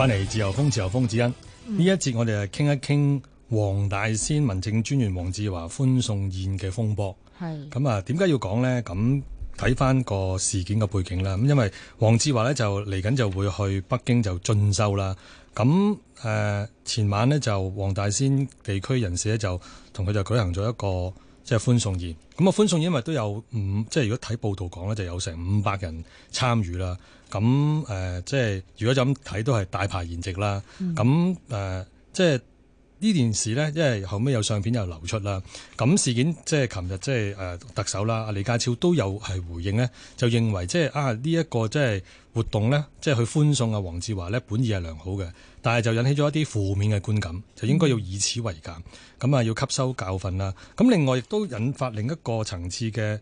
翻嚟自由風，自由風，子欣呢一節我哋啊傾一傾黃大仙民政專員黃志華歡送宴嘅風波。係咁啊，點解要講呢？咁睇翻個事件嘅背景啦。咁因為黃志華呢，就嚟緊就會去北京就進修啦。咁誒前晚呢，就黃大仙地區人士咧就同佢就舉行咗一個即係歡送宴。咁啊歡送宴因為都有五即係如果睇報道講咧就有成五百人參與啦。咁誒、呃，即係如果就咁睇，都係大排筵席啦。咁誒、嗯呃，即係呢件事咧，因為後尾有相片又流出啦。咁事件即係琴日，即係誒、呃、特首啦，阿李家超都有係回應咧，就認為即係啊呢一、這個即係活動咧，即係去歡送阿黃志華咧，本意係良好嘅。但係就引起咗一啲負面嘅觀感，就應該要以此為戒，咁啊要吸收教訓啦。咁另外亦都引發另一個層次嘅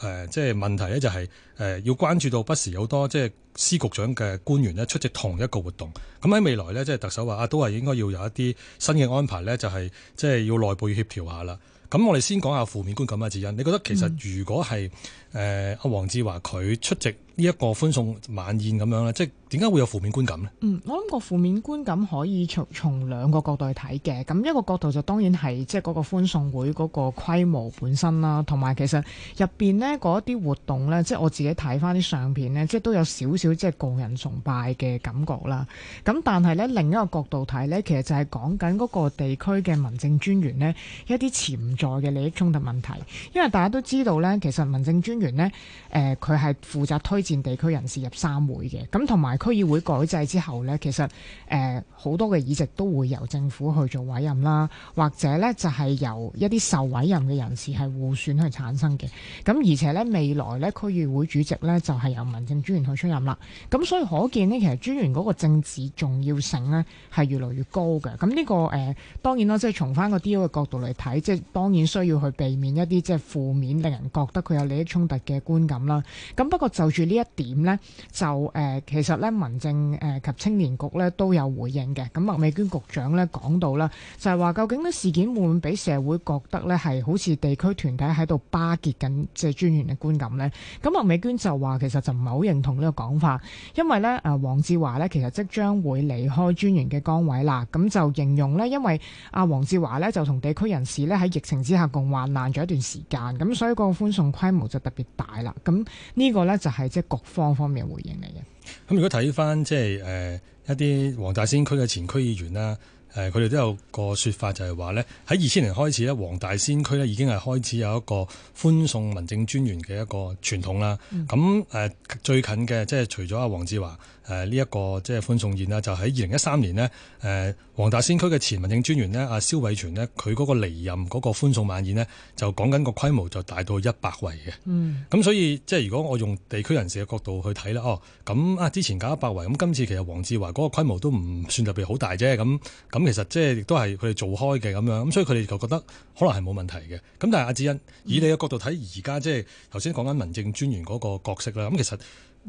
誒，即係問題咧，就係誒要關注到不時有好多即係司局長嘅官員咧出席同一個活動。咁喺未來咧，即係特首話啊，都係應該要有一啲新嘅安排咧，就係即係要內部要協調下啦。咁我哋先講下負面觀感嘅原因，你覺得其實如果係誒阿黃志華佢出席呢一個歡送晚宴咁樣咧，即係？點解會有負面觀感呢？嗯，我諗個負面觀感可以從從兩個角度去睇嘅。咁一個角度就當然係即係嗰個歡送會嗰個規模本身啦，同埋其實入邊呢嗰一啲活動呢，即係我自己睇翻啲相片呢，即係都有少少即係個人崇拜嘅感覺啦。咁但係呢，另一個角度睇呢，其實就係講緊嗰個地區嘅民政專員呢，一啲潛在嘅利益衝突問題。因為大家都知道呢，其實民政專員呢，誒佢係負責推薦地區人士入三會嘅，咁同埋。區議會改制之後呢，其實誒好多嘅議席都會由政府去做委任啦，或者呢就係由一啲受委任嘅人士係互選去產生嘅。咁而且呢，未來呢區議會主席呢就係由民政專員去出任啦。咁所以可見呢其實專員嗰個政治重要性呢係越來越高嘅。咁呢個誒當然啦，即係從翻個 D.O. 嘅角度嚟睇，即係當然需要去避免一啲即係負面令人覺得佢有利益衝突嘅觀感啦。咁不過就住呢一點呢，就誒其實呢。民政誒及青年局咧，都有回應嘅。咁麥美娟局長咧，講到啦,就係話究竟事件會唔會俾社會覺得咧係好似地區團體喺度巴結緊即係專員嘅觀感呢？咁麥美娟就話其實就唔係好認同呢個講法，因為咧誒，黃志華咧其實即將會離開專員嘅崗位啦。咁就形容咧，因為阿、啊、黃志華咧就同地區人士咧喺疫情之下共患難咗一段時間，咁所以個歡送規模就特別大啦。咁呢個咧就係即係局方方面嘅回應嚟嘅。咁如果睇翻即係誒一啲黃大仙區嘅前區議員啦。誒佢哋都有個説法，就係話呢，喺二千年開始咧，黃大仙區咧已經係開始有一個歡送民政專員嘅一個傳統啦。咁誒、嗯、最近嘅即係除咗阿黃志華誒呢一個即係歡送宴啦，就喺二零一三年呢，誒黃大仙區嘅前民政專員呢，阿蕭偉全呢，佢嗰個離任嗰個歡送晚宴呢，就講緊個規模就大到一百圍嘅。嗯，咁所以即係如果我用地區人士嘅角度去睇啦，哦咁啊之前搞一百圍，咁今次其實黃志華嗰個規模都唔算特別好大啫，咁咁。咁其實即係亦都係佢哋做開嘅咁樣，咁所以佢哋就覺得可能係冇問題嘅。咁但係阿志恩，以你嘅角度睇而家即係頭先講緊民政專員嗰個角色啦。咁其實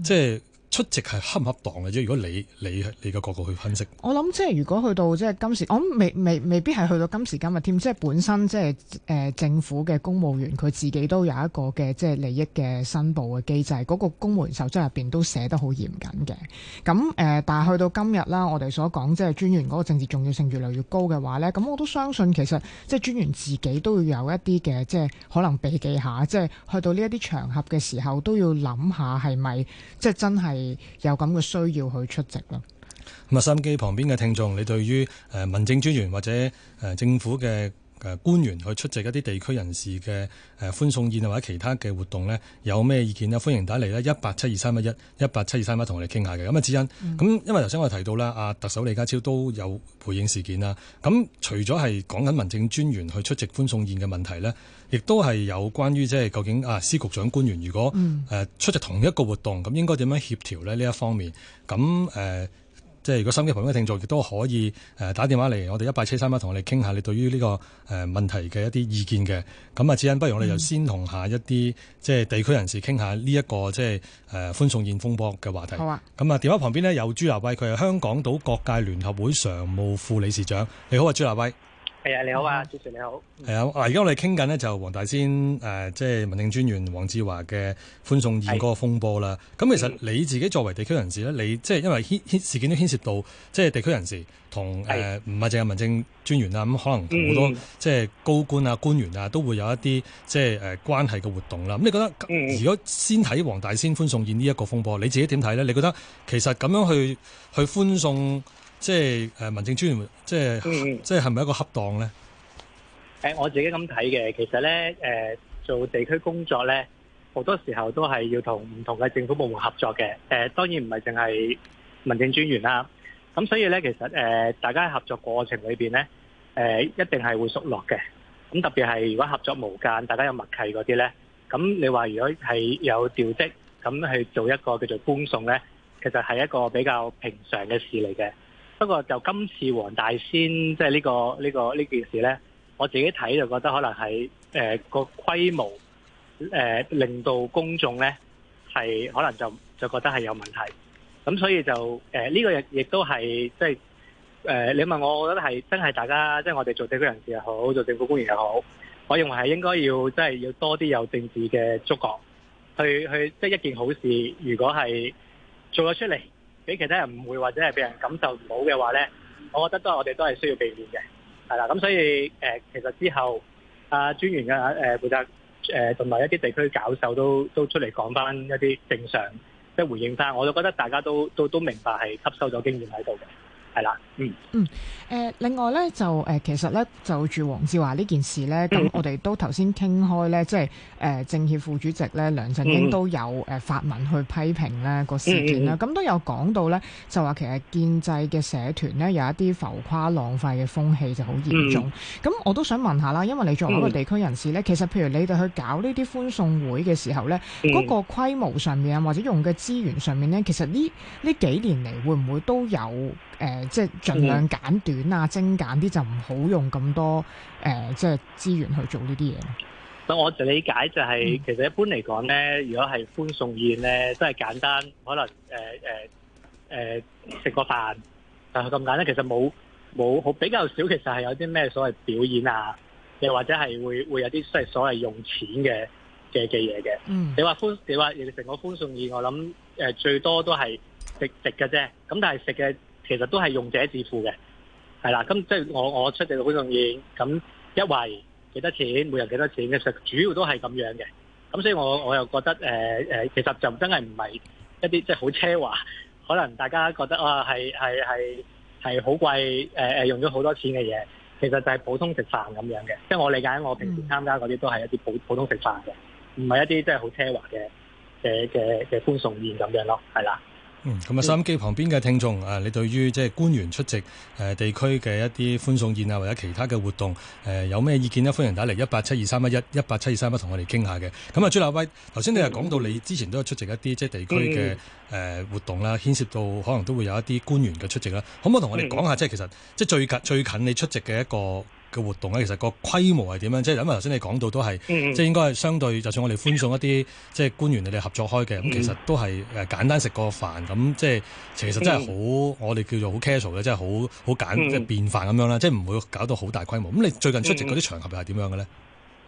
即係。出席係恰唔恰當嘅？啫？如果你你係你嘅角度去分析，我諗即係如果去到即係今時，我諗未未未必係去到今時今日添。即係本身即係誒政府嘅公務員，佢自己都有一個嘅即係利益嘅申報嘅機制。嗰、那個公務員守則入邊都寫得好嚴謹嘅。咁誒、呃，但係去到今日啦，我哋所講即係專員嗰個政治重要性越嚟越高嘅話咧，咁我都相信其實即係專員自己都要有一啲嘅即係可能避忌下，即係去到呢一啲場合嘅時候都要諗下係咪即係真係，有咁嘅需要去出席啦。咁啊，收音機旁邊嘅聽眾，你對於誒民政專員或者誒政府嘅？誒、呃、官員去出席一啲地區人士嘅誒歡送宴或者其他嘅活動呢，有咩意見呢？歡迎打嚟呢一八七二三一一，一八七二三一，同我哋傾下嘅。咁啊、嗯，志恩，咁因為頭先我哋提到啦、啊，特首李家超都有回應事件啦。咁、啊、除咗係講緊民政專員去出席歡送宴嘅問題呢，亦都係有關於即係究竟啊司局長官員如果誒、嗯呃、出席同一個活動，咁應該點樣協調呢？呢一方面，咁、啊、誒。呃即係如果心機旁邊嘅聽眾亦都可以誒打電話嚟，我哋一八七三一，同我哋傾下你對於呢個誒問題嘅一啲意見嘅。咁啊，主任，不如我哋就先同下一啲即係地區人士傾下呢一個即係誒歡送宴風波嘅話題。好啊。咁啊，電話旁邊呢有朱立威，佢係香港島各界聯合會常務副理事長。你好啊，朱立威。係啊，你好啊，嗯、主持你好。係、嗯、啊，而家我哋傾緊呢就黃大仙誒、呃，即係民政專員黃志華嘅歡送宴個風波啦。咁是其實你自己作為地區人士咧，你即係因為牽牽事件都牽涉到即係地區人士同誒唔係淨係民政專員啦，咁是可能同好多、嗯、即係高官啊、官員啊都會有一啲即係誒、呃、關係嘅活動啦。咁你覺得如果先睇黃大仙歡送宴呢一個風波，你自己點睇咧？你覺得其實咁樣去去歡送？即係誒民政專員，即係即係係咪一個恰當咧？誒、嗯、我自己咁睇嘅，其實咧誒、呃、做地區工作咧，好多時候都係要跟不同唔同嘅政府部門合作嘅。誒、呃、當然唔係淨係民政專員啦。咁所以咧，其實誒、呃、大家喺合作過程裏邊咧，誒、呃、一定係會熟絡嘅。咁特別係如果合作無間，大家有默契嗰啲咧，咁你話如果係有調職，咁去做一個叫做歡送咧，其實係一個比較平常嘅事嚟嘅。不過就今次黃大仙即係呢個呢、呢個呢、呢個、件事呢，我自己睇就覺得可能係誒、呃、個規模誒、呃、令到公眾呢，係可能就就覺得係有問題，咁所以就誒呢、呃呢個亦都係即係誒，你問我，我覺得係真係大家即係、即係、我哋做地區人士又好，做政府官員又好，我認為係應該要即係、即係、要多啲有政治嘅觸覺去去即係、即係、一件好事，如果係做咗出嚟。俾其他人誤會或者係俾人感受唔好嘅話咧，我覺得我們都係我哋都係需要避免嘅，係啦。咁所以誒、呃，其實之後啊，專員嘅誒負責誒，同、呃、埋、呃、一啲地區教授都都出嚟講翻一啲正常，即、就、係、是、回應翻。我就覺得大家都都都明白係吸收咗經驗喺度嘅。係啦，嗯嗯，誒、呃，另外咧就誒、呃，其實咧就住黃志華呢件事咧，咁、嗯、我哋都頭先傾開咧，即係誒，政協副主席咧梁振英都有誒、呃、發文去批評咧個事件啦，咁、嗯嗯嗯、都有講到咧，就話其實建制嘅社團咧有一啲浮誇浪費嘅風氣就好嚴重，咁、嗯、我都想問下啦，因為你作為一個地區人士咧，其實譬如你哋去搞呢啲歡送會嘅時候咧，嗰、嗯、個規模上面啊，或者用嘅資源上面咧，其實呢呢幾年嚟會唔會都有誒？呃即係盡量簡短啊，嗯、精簡啲就唔好用咁多誒、呃，即係資源去做呢啲嘢。咁我嘅理解就係、是，嗯、其實一般嚟講咧，如果係歡送宴咧，都係簡單，可能誒誒誒食個飯但係咁簡單。其實冇冇好比較少，其實係有啲咩所謂表演啊，又或者係會會有啲即係所謂用錢嘅嘅嘅嘢嘅。的的嗯。你話歡，你話成個歡送宴，我諗誒、呃、最多都係食食嘅啫。咁但係食嘅。其實都係用者自付嘅，係啦，咁即係我我出席嘅歡送宴，咁一圍幾多錢，每人幾多錢嘅，其實主要都係咁樣嘅。咁所以我我又覺得誒誒、呃，其實就真係唔係一啲即係好奢華，可能大家覺得啊係係係係好貴誒誒、呃，用咗好多錢嘅嘢，其實就係普通食飯咁樣嘅。即係我理解，我平時參加嗰啲都係一啲普、mm. 普通食飯嘅，唔係一啲即係好奢華嘅嘅嘅嘅歡送宴咁樣咯，係啦。嗯，咁啊，收音機旁邊嘅聽眾，啊，你對於即係官員出席誒、呃、地區嘅一啲歡送宴啊，或者其他嘅活動，誒、呃、有咩意見呢？歡迎打嚟一八七二三一一一八七二三一同我哋傾下嘅。咁啊，朱立威，頭先你又講到你之前都有出席一啲即係地區嘅誒活動啦，牽涉到可能都會有一啲官員嘅出席啦，可唔可以同我哋講下、嗯、即係其實即係最近最近你出席嘅一個？嘅活動咧，其實個規模係點樣？即係因為頭先你講到都係，即係、嗯、應該係相對，就算我哋歡送一啲，即、就、係、是、官員你哋合作開嘅，咁、嗯、其實都係誒簡單食個飯，咁即係其實真係好，嗯、我哋叫做好 casual 嘅，真係好好簡即係、嗯、便飯咁樣啦，即係唔會搞到好大規模。咁你最近出席嗰啲場合又係點樣嘅咧？嗯嗯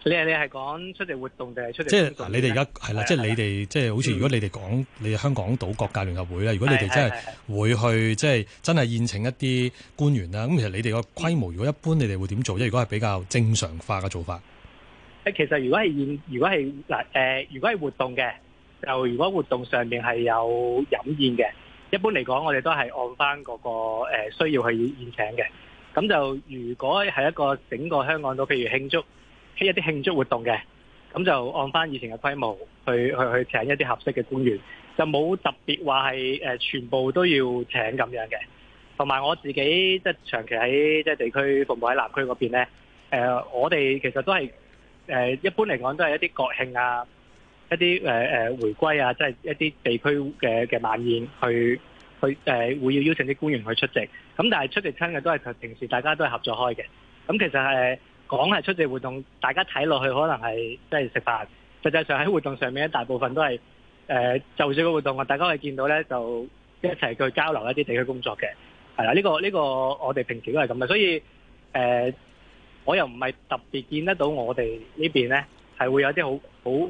你係你係講出席活動定係出席？即係嗱，的你哋而家係啦，即係的你哋即係好似如果你哋講你香港島各界聯合會咧，如果你哋真係會去即係的真係宴請一啲官員啦，咁的其實你哋個規模的如果一般，你哋會點做？即係如果係比較正常化嘅做法？誒，其實如果係宴，如果係嗱誒，如果係活動嘅，就如果活動上面係有飲宴嘅，一般嚟講，我哋都係按翻嗰個誒需要去宴請嘅。咁就如果係一個整個香港島，譬如慶祝。一啲慶祝活動嘅，咁就按返以前嘅規模去去去請一啲合適嘅官員，就冇特別話係誒全部都要請咁樣嘅。同埋我自己即係、就是、長期喺即係地區服務喺南區嗰邊咧，誒、呃、我哋其實都係誒、呃、一般嚟講都係一啲國慶啊，一啲誒誒回歸啊，即、就、係、是、一啲地區嘅嘅晚宴去，去去誒、呃、會要邀請啲官員去出席。咁但係出席親嘅都係平平時大家都係合作開嘅。咁其實係。講係出席活動，大家睇落去可能係即係食飯，實際上喺活動上面大部分都係誒、呃、就住個活動，我大家可以見到咧，就一齊去交流一啲地區工作嘅，係啦，呢、呢個呢、呢個我哋平時都係咁嘅，所以誒、呃，我又唔係特別見得到我哋呢邊咧係會有啲好好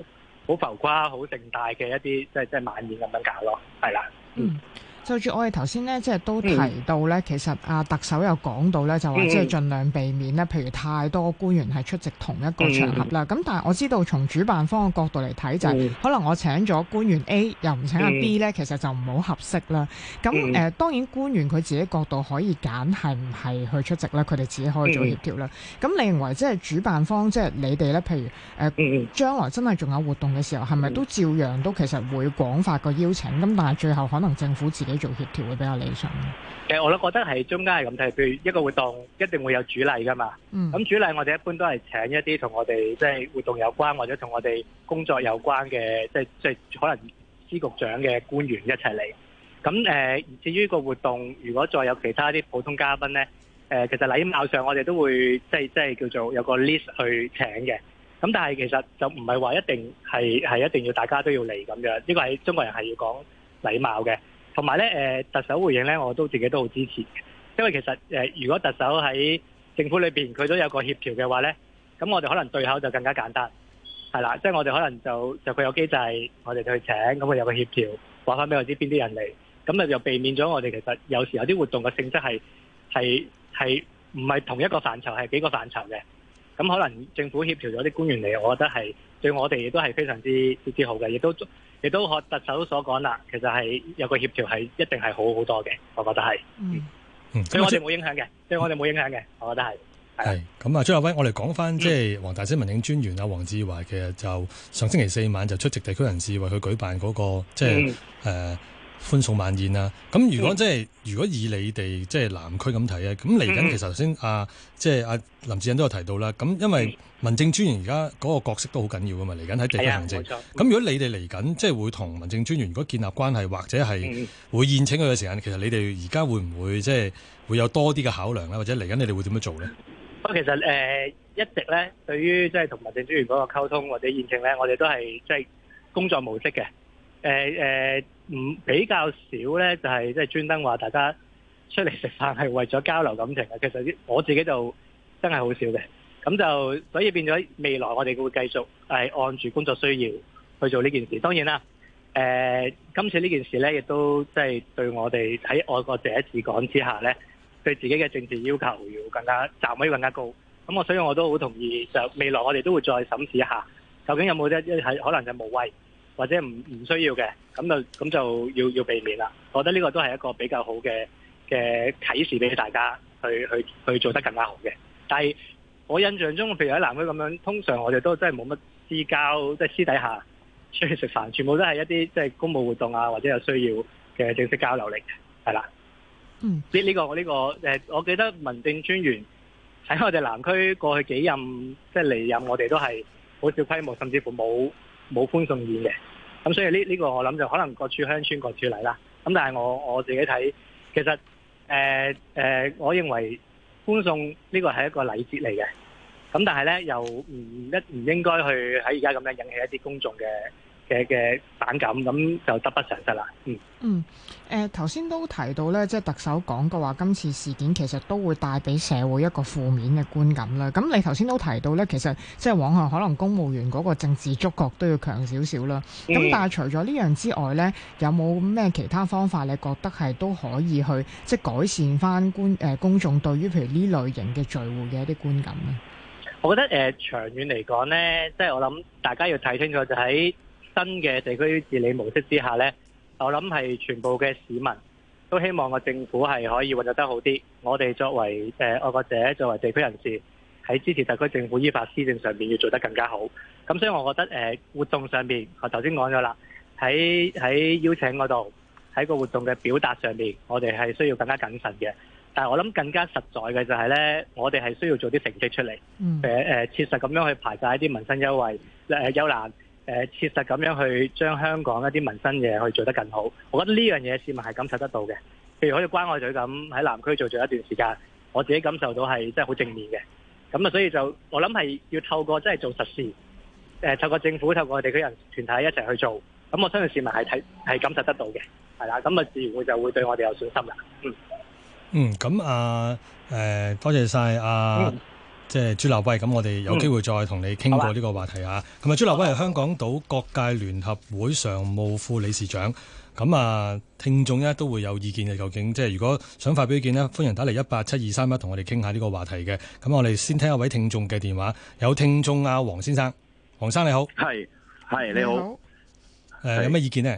好浮誇、好盛大嘅一啲即係即係晚宴咁樣搞咯，係啦，嗯。就住我哋頭先咧，即係都提到咧，嗯、其實啊特首有講到咧，就話即係盡量避免咧，譬如太多官員係出席同一個場合啦。咁、嗯、但係我知道從主辦方嘅角度嚟睇，就是，就係、嗯、可能我請咗官員 A，又唔請阿 B 咧，嗯、其實就唔好合適啦。咁誒、嗯、呃、當然官員佢自己角度可以揀係唔係去出席咧，佢哋自己可以做協調啦。咁、嗯、你認為即係主辦方即係你哋咧？譬如誒、將、呃、嗯、來真係仲有活動嘅時候，係咪都照樣都其實會廣發個邀請咁，但係最後可能政府自己。做協調會比較理想嘅。其實我都覺得係中間係咁睇，譬如一個活動一定會有主禮噶嘛。嗯。咁主禮我哋一般都係請一啲同我哋即係活動有關或者同我哋工作有關嘅，即係即係可能司局長嘅官員一齊嚟。咁誒、呃，至於個活動如果再有其他啲普通嘉賓咧，誒、呃，其實禮貌上我哋都會即係即係叫做有個 list 去請嘅。咁但係其實就唔係話一定係係一定要大家都要嚟咁樣。呢個係中國人係要講禮貌嘅。同埋咧，特首回應咧，我都自己都好支持，因為其實、呃、如果特首喺政府裏面，佢都有個協調嘅話咧，咁我哋可能對口就更加簡單，係啦，即係我哋可能就就佢有機制，我哋去請，咁佢有個協調，話翻俾我知邊啲人嚟，咁啊又避免咗我哋其實有時有啲活動嘅性質係係係唔係同一個範疇，係幾個範疇嘅。咁可能政府協調咗啲官員嚟，我覺得係對、嗯、我哋亦都係非常之之好嘅，亦都亦都如特首所講啦。其實係有個協調係一定係好好多嘅，我覺得係。嗯嗯，所以我哋冇影響嘅，所以我哋冇影響嘅，我覺得係。係咁啊，張亞威，我哋講返即係黃大仙民政專員啊。黃志華其實，就上星期四晚就出席地區人士為佢舉辦嗰、那個即係誒，就是嗯呃歡送晚宴啊！咁如果即係如果以你哋即係南區咁睇啊，咁嚟緊其實頭先啊，即係阿林志穎都有提到啦。咁因為民政專員而家嗰個角色都好緊要噶嘛，嚟緊喺地區行政。咁、嗯、如果你哋嚟緊即係會同民政專員如果建立關係或者係會宴請佢嘅時間，其實你哋而家會唔會即係會有多啲嘅考量咧？或者嚟緊你哋會點樣做咧？我其實誒、呃，一直咧，對於即係同民政專員嗰個溝通或者宴請咧，我哋都係即係工作模式嘅。誒誒，唔、呃呃、比較少咧，就係即係專登話大家出嚟食飯係為咗交流感情嘅。其實我自己就真係好少嘅，咁就所以變咗未來我哋會繼續係按住工作需要去做呢件事。當然啦，誒、呃、今次呢件事咧，亦都即係對我哋喺愛國者治港之下咧，對自己嘅政治要求要更加站位更加高。咁我所以我都好同意，就未來我哋都會再審視一下，究竟有冇一可能就無謂。或者唔唔需要嘅，咁就咁就要要避免啦。我覺得呢個都係一個比較好嘅嘅啟示俾大家去去去做得更加好嘅。但係我印象中，譬如喺南區咁樣，通常我哋都真係冇乜私交，即係私底下出去食飯，全部都係一啲即係公務活動啊，或者有需要嘅正式交流嚟嘅，係啦。嗯，呢呢個我呢個誒，我記得民政專員喺我哋南區過去幾任即係離任，我哋都係好少規模，甚至乎冇。冇歡送宴嘅，咁所以呢呢個我諗就可能各處鄉村各處例啦。咁但係我我自己睇，其實誒誒，我認為歡送呢個係一個禮節嚟嘅。咁但係呢又唔一唔應該去喺而家咁樣引起一啲公眾嘅。嘅嘅反感，咁就得不償失啦。嗯嗯，誒頭先都提到咧，即係特首講過話，今次事件其實都會帶俾社會一個負面嘅觀感啦。咁你頭先都提到咧，其實即係往後可能公務員嗰個政治觸角都要強少少啦。咁、嗯、但係除咗呢樣之外咧，有冇咩其他方法你覺得係都可以去即係改善翻觀、誒公眾對於譬如呢類型嘅聚會，嘅一啲觀感咧？我覺得誒、呃、長遠嚟講咧，即係我諗，大家要睇清楚就喺、是。新嘅地區治理模式之下，呢我諗係全部嘅市民都希望個政府係可以運作得好啲。我哋作為誒愛國者，呃、作為地區人士，喺支持特區政府依法施政上面要做得更加好。咁所以，我覺得、呃、活動上面，我頭先講咗啦，喺喺邀請嗰度，喺個活動嘅表達上面，我哋係需要更加謹慎嘅。但係我諗更加實在嘅就係呢，我哋係需要做啲成績出嚟，切、嗯呃、實咁樣去排解一啲民生優惠，憂、呃、難。誒，切實咁樣去將香港一啲民生嘢，去做得更好，我覺得呢樣嘢市民係感受得到嘅。譬如好似關愛隊咁喺南區做咗一段時間，我自己感受到係真係好正面嘅。咁啊，所以就我諗係要透過即係做實事，誒、呃，透過政府、透過地區人團體一齊去做，咁我相信市民係睇係感受得到嘅，係啦。咁啊，自然會就會對我哋有信心啦。嗯。嗯，咁啊，誒、呃，多謝晒啊。嗯即係朱立威，咁我哋有機會再同你傾過呢個話題啊。咁啊、嗯，朱立威係香港島各界聯合會常務副理事長。咁啊，聽眾咧都會有意見嘅。究竟即係如果想發表意見呢，歡迎打嚟，一八七二三一，同我哋傾下呢個話題嘅。咁我哋先聽一位聽眾嘅電話。有聽眾啊，黃先生，黃生你好，係係你好，誒、呃，是有咩意見呢？誒、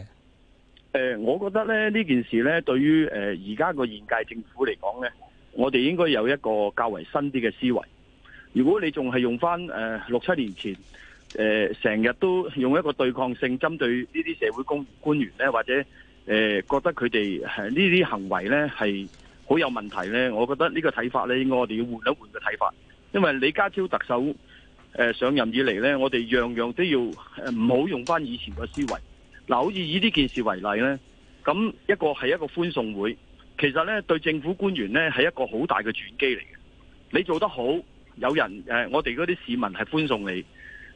呃，我覺得咧呢件事呢，對於誒而家個現屆政府嚟講呢，我哋應該有一個較為新啲嘅思維。如果你仲係用翻誒六七年前誒成日都用一個對抗性針對呢啲社會公官員咧，或者誒、呃、覺得佢哋係呢啲行為咧係好有問題咧，我覺得這個呢個睇法咧應該我哋要換一換個睇法，因為李家超特首誒、呃、上任以嚟咧，我哋樣樣都要誒唔好用翻以前嘅思維。嗱、呃，好似以呢件事為例咧，咁一個係一個歡送會，其實咧對政府官員咧係一個好大嘅轉機嚟嘅。你做得好。有人誒、呃，我哋嗰啲市民係歡送你。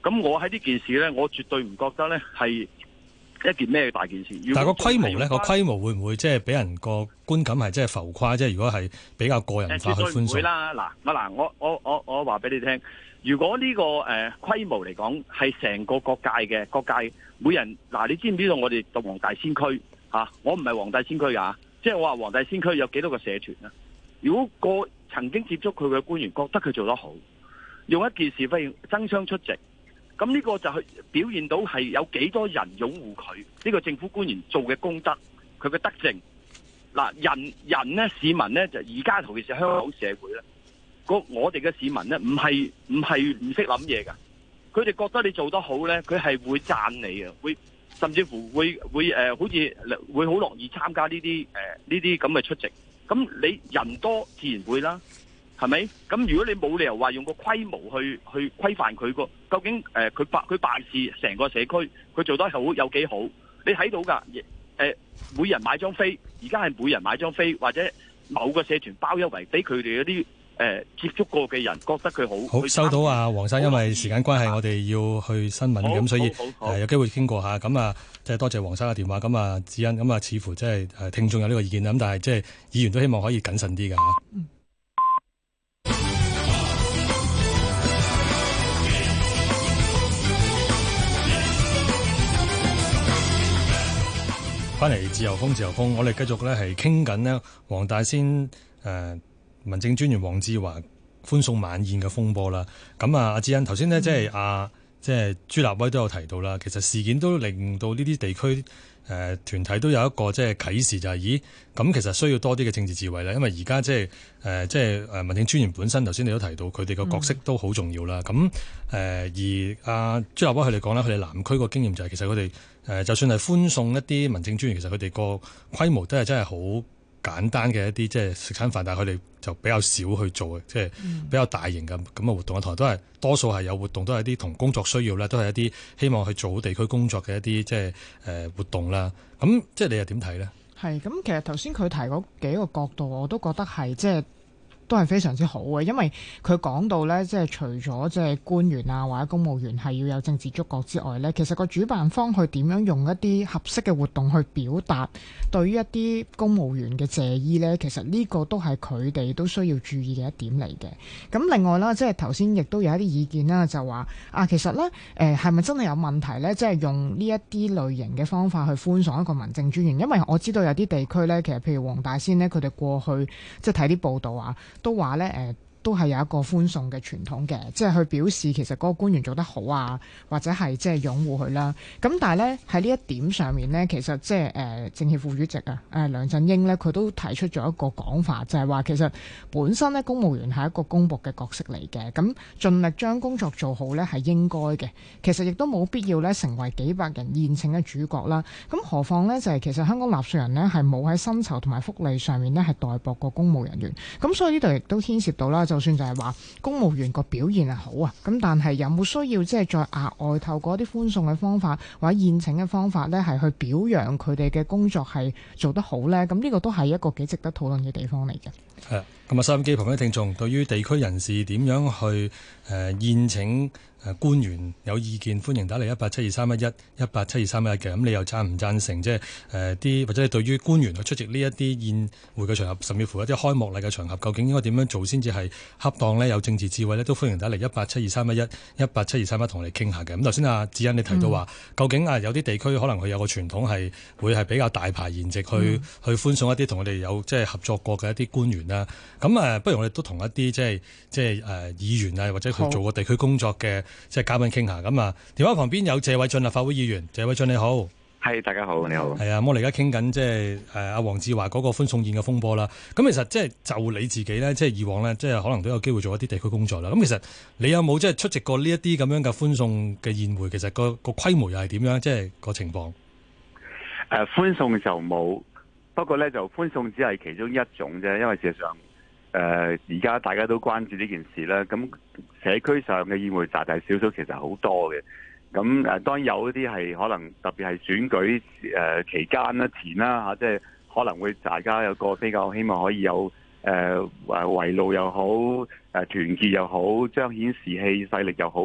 咁我喺呢件事咧，我絕對唔覺得咧係一件咩大件事。但係個規模咧，個來規模會唔會即係俾人個觀感係即係浮誇？即係如果係比較個人化去歡送。誒絕對唔會啦！嗱，我嗱我我我我話俾你聽，如果呢、這個誒、呃、規模嚟講係成個各界嘅各界，每人嗱你知唔知道我哋黃大仙區嚇？我唔係黃大仙區噶，即係我話黃大仙區有幾多個社團啊？如果個曾經接觸佢嘅官員覺得佢做得好，用一件事為爭相出席，咁呢個就去表現到係有幾多人擁護佢呢個政府官員做嘅功德，佢嘅德政。嗱，人人呢，市民呢，就而家尤其是香港社會呢，我哋嘅市民呢，唔係唔係唔識諗嘢噶，佢哋覺得你做得好呢，佢係會讚你嘅，會甚至乎會會誒、呃，好似會好樂意參加呢啲誒呢啲咁嘅出席。咁你人多自然會啦，係咪？咁如果你冇理由話用個規模去去規範佢個，究竟佢、呃、佢辦事成個社區佢做得好有幾好？你睇到㗎、呃，每人買張飛，而家係每人買張飛，或者某個社團包一圍俾佢哋嗰啲。誒，接觸過嘅人覺得佢好，好收到啊，黃生。因為時間關係，好我哋要去新聞咁，好所以係、呃、有機會傾過下。咁、嗯、啊，即係多謝黃生嘅電話。咁、嗯、啊，智恩，咁、嗯、啊，似乎即係誒聽眾有呢個意見咁、嗯、但係即係議員都希望可以謹慎啲㗎。返翻嚟自由風，自由風，我哋繼續咧係傾緊呢黃大仙誒。呃民政專員黃志華歡送晚宴嘅風波啦，咁啊阿志恩頭先呢，即係阿即係朱立威都有提到啦，其實事件都令到呢啲地區誒、呃、團體都有一個即係啟示、就是，就係咦，咁其實需要多啲嘅政治智慧啦，因為而家即係誒即係誒民政專員本身頭先你都提到佢哋個角色都好重要啦，咁誒、嗯呃、而阿、啊、朱立威佢哋講啦，佢哋南區個經驗就係、是、其實佢哋誒就算係歡送一啲民政專員，其實佢哋個規模都係真係好。簡單嘅一啲即係食餐飯，但係佢哋就比較少去做嘅，即係比較大型嘅咁嘅活動。嗯、同埋都係多數係有活動，都係一啲同工作需要啦，都係一啲希望去做地區工作嘅一啲即係誒活動啦。咁即係你又點睇咧？係咁，其實頭先佢提嗰幾個角度，我都覺得係即係。都係非常之好嘅，因為佢講到呢，即係除咗即係官員啊，或者公務員係要有政治觸角之外呢，其實個主辦方去點樣用一啲合適嘅活動去表達對於一啲公務員嘅謝意呢？其實呢個都係佢哋都需要注意嘅一點嚟嘅。咁另外啦，即係頭先亦都有一啲意見啦，就話啊，其實呢，誒係咪真係有問題呢？即係用呢一啲類型嘅方法去歡送一個民政專員，因為我知道有啲地區呢，其實譬如黃大仙呢，佢哋過去即係睇啲報道啊。都話咧誒。欸都係有一個歡送嘅傳統嘅，即係去表示其實嗰個官員做得好啊，或者係即係擁護佢啦。咁但係呢，喺呢一點上面呢，其實即係誒政協副主席啊，誒、呃、梁振英呢，佢都提出咗一個講法，就係、是、話其實本身呢，公務員係一個公僕嘅角色嚟嘅，咁盡力將工作做好呢，係應該嘅。其實亦都冇必要呢，成為幾百人宴請嘅主角啦。咁何況呢，就係、是、其實香港納稅人呢，係冇喺薪酬同埋福利上面呢，係待薄過公務人員。咁所以呢度亦都牽涉到啦。就算就係話公務員個表現係好啊，咁但係有冇需要即係再額外透過一啲歡送嘅方法或者宴請嘅方法呢，係去表揚佢哋嘅工作係做得好呢？咁呢個都係一個幾值得討論嘅地方嚟嘅。係，同埋收音機旁邊嘅聽眾，對於地區人士點樣去誒宴請？呃誒、呃、官員有意見歡迎打嚟一八七二三一一一八七二三一一嘅，咁你又贊唔贊成即係誒啲或者係對於官員去出席呢一啲宴會嘅場合，甚至乎一啲開幕禮嘅場合，究竟應該點樣做先至係恰當呢？有政治智慧呢，都歡迎打嚟一八七二三一一一八七二三一同我哋傾下嘅。咁頭先阿智欣你提到話，嗯、究竟啊有啲地區可能佢有個傳統係會係比較大排筵席去、嗯、去歡送一啲同我哋有即係合作過嘅一啲官員啦。咁啊，不如我哋都同一啲即係即係誒議員啊，或者去做個地區工作嘅。即係嘉賓傾下咁啊。電話旁邊有謝偉俊立法會議員，謝偉俊你好，係大家好，你好。係啊，我哋而家傾緊即係誒阿黃志華嗰個歡送宴嘅風波啦。咁其實即係就你自己咧，即係以往咧，即係可能都有機會做一啲地區工作啦。咁其實你有冇即係出席過呢一啲咁樣嘅歡送嘅宴會？其實個個規模又係點樣？即係個情況。誒，歡送就冇，不過咧就歡送只係其中一種啫，因為事實上。誒，而家、呃、大家都關注呢件事啦，咁社區上嘅議會壇大大小小，其實好多嘅。咁誒，當然有一啲係可能特別係選舉誒、呃、期間啦、前啦吓、即係可能會大家有個比較希望可以有誒、呃、圍爐又好，誒團結又好，彰顯士氣勢力又好，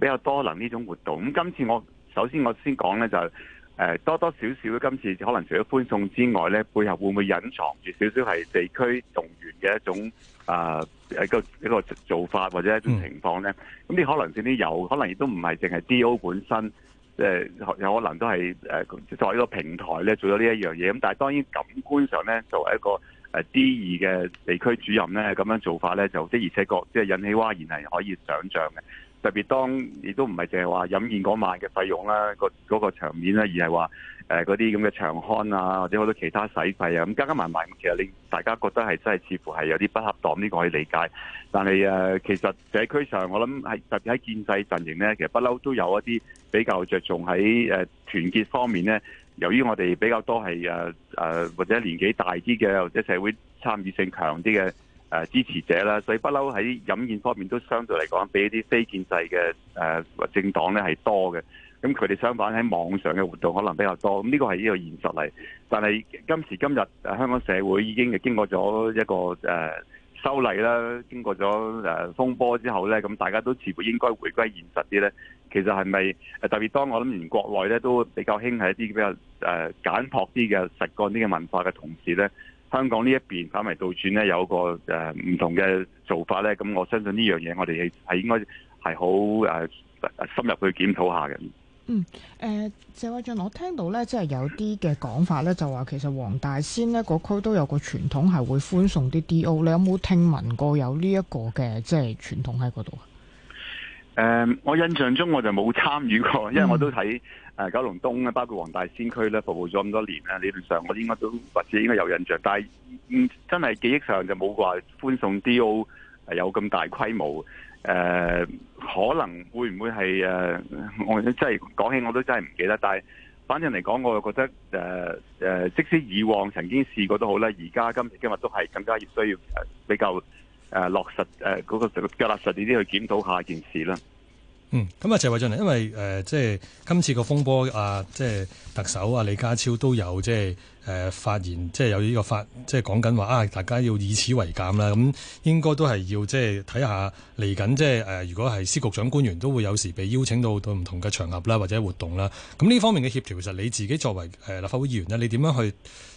比較多能呢種活動。咁今次我首先我先講咧就是。誒多多少少今次可能除咗歡送之外咧，背後會唔會隱藏住少少係地區動員嘅一種啊？誒、呃、個呢個做法或者一種情況咧，咁啲、mm. 可能性都有可能亦都唔係淨係 D.O. 本身，即係有可能都係誒作為一個平台咧做咗呢一樣嘢。咁但係當然感官上咧，作為一個誒 D 二嘅地區主任咧，咁樣做法咧，就的而且確即係引起譁然係可以想像嘅。特別當亦都唔係淨係話飲宴嗰晚嘅費用啦、啊，個、那、嗰個場面啦、啊，而係話誒嗰啲咁嘅長刊啊，或者好多其他使費啊，咁加加埋埋，其實你大家覺得係真係似乎係有啲不恰當，呢、這個可以理解。但係誒、啊，其實社區上我諗係特別喺建制陣營咧，其實不嬲都有一啲比較着重喺誒團結方面咧。由於我哋比較多係誒誒或者年紀大啲嘅，或者社會參與性強啲嘅。誒支持者啦，所以不嬲喺飲宴方面都相對嚟講比一啲非建制嘅誒政黨咧係多嘅。咁佢哋相反喺網上嘅活動可能比較多。咁呢個係呢個現實嚟。但係今時今日，香港社會已經係經過咗一個誒修例啦，經過咗誒風波之後咧，咁大家都似乎應該回歸現實啲咧。其實係咪特別當我諗完國內咧都比較興係一啲比較誒簡朴啲嘅實幹啲嘅文化嘅同時咧？香港呢一邊反為倒轉咧，有個誒唔同嘅做法咧，咁我相信呢樣嘢我哋係應該係好誒深入去檢討一下嘅。嗯，誒、呃、謝偉俊，我聽到咧，即係有啲嘅講法咧，就話、是、其實黃大仙呢、那個區都有個傳統係會歡送啲 D.O.，你有冇聽聞過有呢一個嘅即係傳統喺嗰度啊？誒，uh, 我印象中我就冇參與過，因為我都喺誒九龍東咧，包括黃大仙區咧，服務咗咁多年咧，理論上我應該都或者應該有印象，但係唔真係記憶上就冇話歡送 D.O. 有咁大規模誒，uh, 可能會唔會係誒？我真係講起我都真係唔記得，但係反正嚟講，我覺得誒誒，即使以往曾經試過都好啦，而家今時今日都係更加要需要誒比較。誒、啊、落實誒嗰、啊那個腳踏實啲去檢討下件事啦、嗯。嗯，咁啊，謝偉俊嚟，因為誒、呃、即係今次個風波啊，即係特首啊，李家超都有即係誒、呃、發言，即係有呢個發，即係講緊話啊，大家要以此為鑒啦。咁、嗯、應該都係要即係睇下嚟緊，即係誒、呃，如果係司局長官員都會有時被邀請到到唔同嘅場合啦，或者活動啦。咁呢方面嘅協調，其實你自己作為誒、呃、立法會議員啊，你點樣去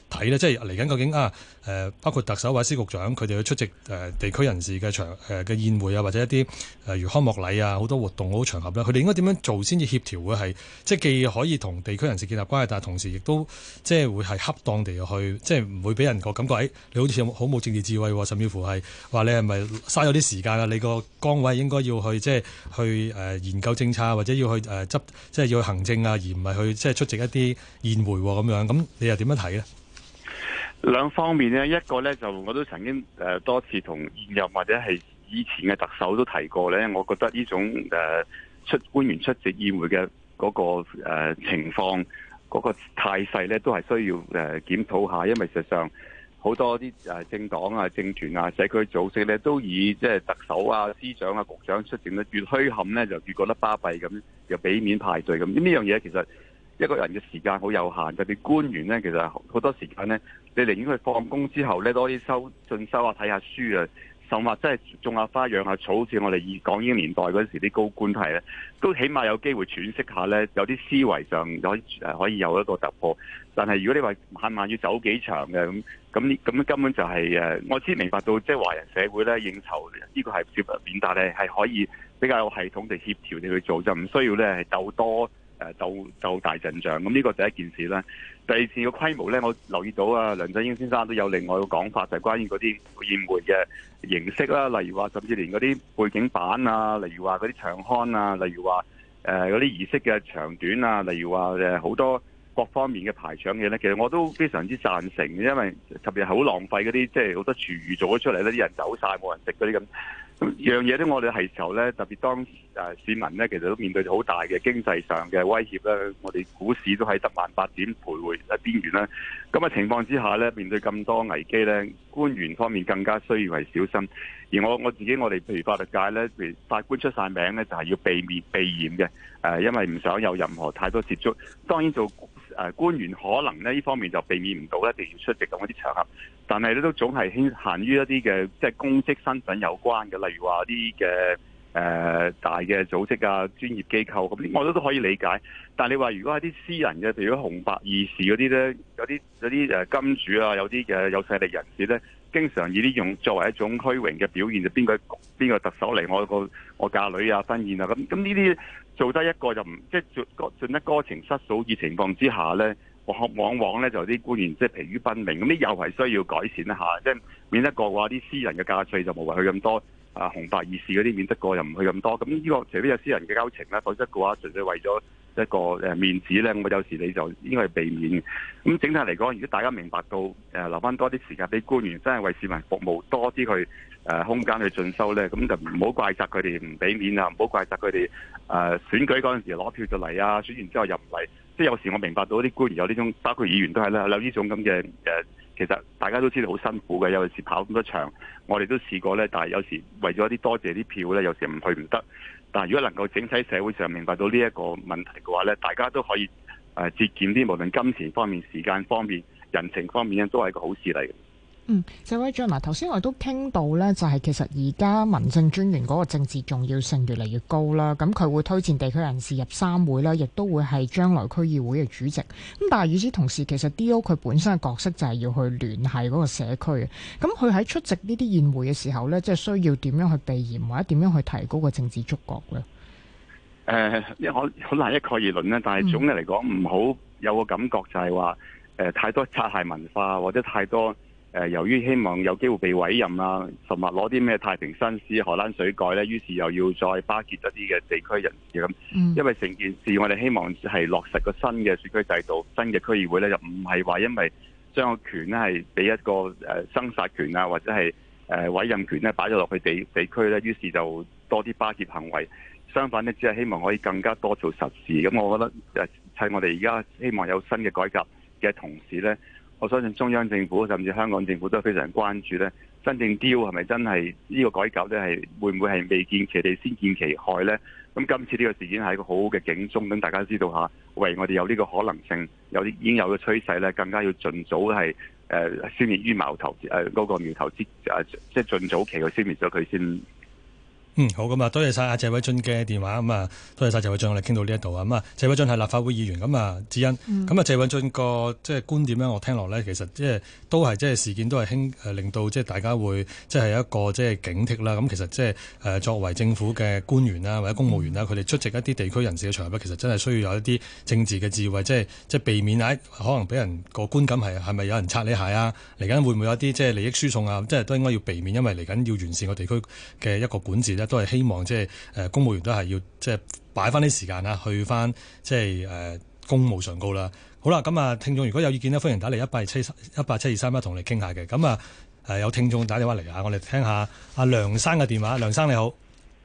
睇咧，即係嚟緊，究竟啊，誒、呃，包括特首或者司局長，佢哋去出席誒、呃、地區人士嘅場嘅、呃、宴會啊，或者一啲誒如開幕禮啊，好多活動好場合咧，佢哋應該點樣做先至協調嘅係，即係既可以同地區人士建立關係，但係同時亦都即係會係恰當地去，即係唔會俾人個感覺，哎、你好似好冇政治智慧喎。甚至乎係話你係咪嘥咗啲時間啊？你個崗位應該要去即係去誒研究政策，或者要去誒執即係要去行政啊，而唔係去即係出席一啲宴會咁樣。咁你又點樣睇咧？兩方面呢，一個呢，就我都曾經誒多次同現任或者係以前嘅特首都提過呢，我覺得呢種誒出官員出席議會嘅嗰個情況，嗰個態勢呢，都係需要誒檢討下，因為事實上好多啲政黨啊、政團啊、社區組織呢，都以即係、就是、特首啊、司長啊、局長出席呢，越虛冚呢就越覺得巴閉咁，又俾面派對咁，呢樣嘢其實。一個人嘅時間好有限，特別官員咧，其實好多時間咧，你寧願去放工之後咧，多啲收進修啊，睇下書啊，甚至真係種下花、養下草，好似我哋以港英年代嗰陣時啲高官係咧，都起碼有機會喘息下咧，有啲思維上可以可以有一個突破。但係如果你話晚晚要走幾場嘅咁咁咁，根本就係、誒、我知明白到即係、就是、華人社會咧應酬呢個係少不免，但係係可以比較有系統地協調你去做，就唔需要咧鬥多。誒就就大陣仗，咁呢個第一件事啦。第二次個規模呢，我留意到啊，梁振英先生都有另外一個講法，就係關於嗰啲宴會嘅形式啦，例如話甚至連嗰啲背景板啊，例如話嗰啲長刊啊，例如話誒嗰啲儀式嘅長短啊，例如話好多各方面嘅排場嘢呢，其實我都非常之贊成，因為特別係好浪費嗰啲即係好多廚餘做咗出嚟呢啲人走晒冇人食嗰啲咁樣嘢咧，我哋係時候咧，特別當誒市民咧，其實都面對住好大嘅經濟上嘅威脅咧。我哋股市都喺萬八點徘徊喺邊緣啦。咁嘅情況之下咧，面對咁多危機咧，官員方面更加需要為小心。而我我自己，我哋譬如法律界咧，譬如法官出晒名咧，就係要避免避嫌嘅。誒，因為唔想有任何太多接觸。當然做誒官員可能呢，呢方面就避免唔到咧，就要出席咁一啲場合。但係咧都總係限於一啲嘅即係公職身份有關嘅，例如話啲嘅誒大嘅組織啊、專業機構咁，我覺得都可以理解。但係你話如果係啲私人嘅，譬如紅白二事嗰啲咧，有啲有啲誒金主啊，有啲嘅有勢力人士咧，經常以呢種作為一種虛榮嘅表現，就邊個邊個特首嚟我個我嫁女啊，婚宴啊，咁咁呢啲做得一個就唔即係進得高情失數嘅情況之下咧。往往咧就啲官員即係疲於奔命，咁呢又係需要改善一下。即、就、係、是、免得過話啲私人嘅價錢就無謂去咁多，啊紅白二事嗰啲免得過又唔去咁多。咁呢、這個除非有私人嘅交情啦，否則嘅話純粹為咗一個面子咧，我有時你就應該去避免。咁整體嚟講，如果大家明白到、呃、留翻多啲時間俾官員真係為市民服務多啲，佢、呃、空間去進修咧，咁就唔好怪責佢哋唔俾面啊，唔好怪責佢哋誒選舉嗰陣時攞票就嚟啊，選完之後又唔嚟。即係有時我明白到啲官員有呢種，包括議員都係啦，有呢種咁嘅誒。其實大家都知道好辛苦嘅，尤其是跑咁多場，我哋都試過咧。但係有時為咗一啲多謝啲票咧，有時唔去唔得。但係如果能夠整體社會上明白到呢一個問題嘅話咧，大家都可以誒節儉啲，無論金錢方面、時間方面、人情方面，都係一個好事嚟。嗯，謝偉俊嗱，頭先我都傾到呢，就係其實而家民政專員嗰個政治重要性越嚟越高啦。咁佢會推薦地區人士入三會啦，亦都會係將來區議會嘅主席。咁但係與此同時，其實 D.O. 佢本身嘅角色就係要去聯繫嗰個社區嘅，咁佢喺出席呢啲宴會嘅時候咧，即、就、係、是、需要點樣去避嫌或者點樣去提高個政治觸覺咧？誒、呃，因為我好難一概而論咧。但係總嘅嚟講，唔、嗯、好有個感覺就係話，誒、呃，太多擦鞋文化或者太多。誒，由於希望有機會被委任啊，甚或攞啲咩太平紳士、荷蘭水蓋呢，於是又要再巴結一啲嘅地區人士咁。嗯、因為成件事，我哋希望係落實個新嘅選區制度、新嘅區議會呢就唔係話因為將個權呢係俾一個誒生殺權啊，或者係誒委任權呢，擺咗落去地地區呢，於是就多啲巴結行為。相反呢，只係希望可以更加多做實事。咁我覺得趁我哋而家希望有新嘅改革嘅同時呢。我相信中央政府甚至香港政府都非常關注咧，真正屌係咪真係呢個改革咧？係會唔會係未見其利先見其害咧？咁今次呢個事件係一個好好嘅警鐘，咁大家知道嚇。喂，我哋有呢個可能性，有啲已經有嘅趨勢咧，更加要儘早係誒、呃、消滅於苗頭誒嗰、呃那個苗頭之誒、呃，即係盡早期去消滅咗佢先。嗯、好噶啊，多謝晒阿謝偉俊嘅電話，咁、嗯、啊，多謝晒謝偉俊，我哋傾到呢一度啊，咁、嗯、啊，謝偉俊係立法會議員，咁、嗯、啊，智恩，咁啊、嗯，謝偉俊個即係觀點咧，我聽落咧，其實即係都係即係事件都係興誒，令到即係大家會即係有一個即係警惕啦。咁其實即係誒作為政府嘅官員啊，或者公務員啊，佢哋出席一啲地區人士嘅場合，其實真係需要有一啲政治嘅智慧，即係即係避免誒可能俾人個觀感係係咪有人擦你鞋啊？嚟緊會唔會有一啲即係利益輸送啊？即係都應該要避免，因為嚟緊要完善個地區嘅一個管治咧。都係希望即係，誒、就是呃，公務員都係要即係擺翻啲時間啦，去翻即係誒，公務上高啦。好啦，咁啊，聽眾如果有意見咧，歡迎打嚟一八七一八七二三一，同你傾下嘅。咁啊，誒，有聽眾打電話嚟啊，我哋聽下阿梁生嘅電話。梁生你好，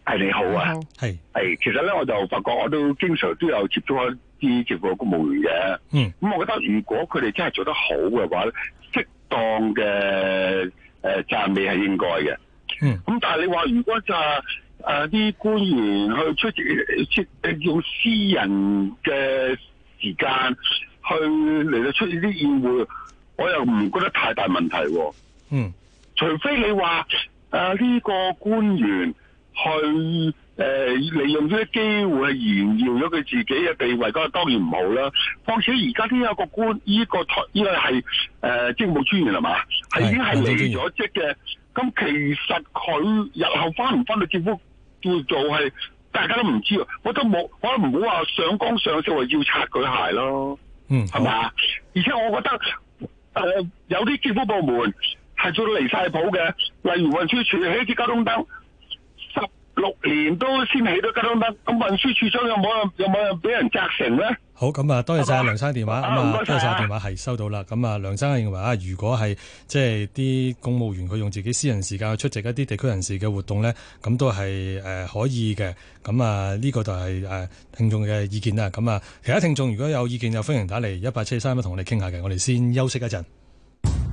係你好啊，係係。其實咧，我就發覺我都經常都有接觸一啲政府公務員嘅。嗯，咁我覺得如果佢哋真係做得好嘅話，適當嘅誒讚美係應該嘅。嗯，咁但係你話如果就誒、是、啲、呃、官員去出席用私人嘅時間去嚟到出席啲宴會，我又唔覺得太大問題。嗯，除非你話誒呢個官員去誒、呃、利用呢個機會去炫耀咗佢自己嘅地位，咁啊當然唔好啦。況且而家呢一個官呢、這個台呢個係誒政務專員係嘛？係是已經係離咗職嘅。嗯嗯嗯。咁其實佢日後翻唔翻到政府叫做係，大家都唔知我都冇，我都唔好話上崗上職，或要擦佢鞋咯。嗯，係嘛吧？哦、而且我覺得，呃、有啲政府部門係做到離曬譜嘅，例如運輸署，起交通燈，六年都先起到交通燈，咁運輸署長有冇有冇俾人責成呢？好，咁、嗯啊，嗯、啊，多謝晒梁生電話，咁啊，多謝晒電話，係收到啦。咁、嗯、啊，梁生認為啊，如果係即係啲公務員佢用自己私人時間去出席一啲地區人士嘅活動呢，咁、嗯、都係誒、呃、可以嘅。咁、嗯、啊，呢、這個就係、是、誒、呃、聽眾嘅意見啦。咁、嗯、啊，其他聽眾如果有意見，就歡迎打嚟一八七三一同我哋傾下嘅。我哋先休息一陣。